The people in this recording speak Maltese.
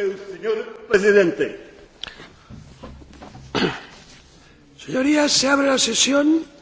El Presidente. Señorías, se abre la sesión.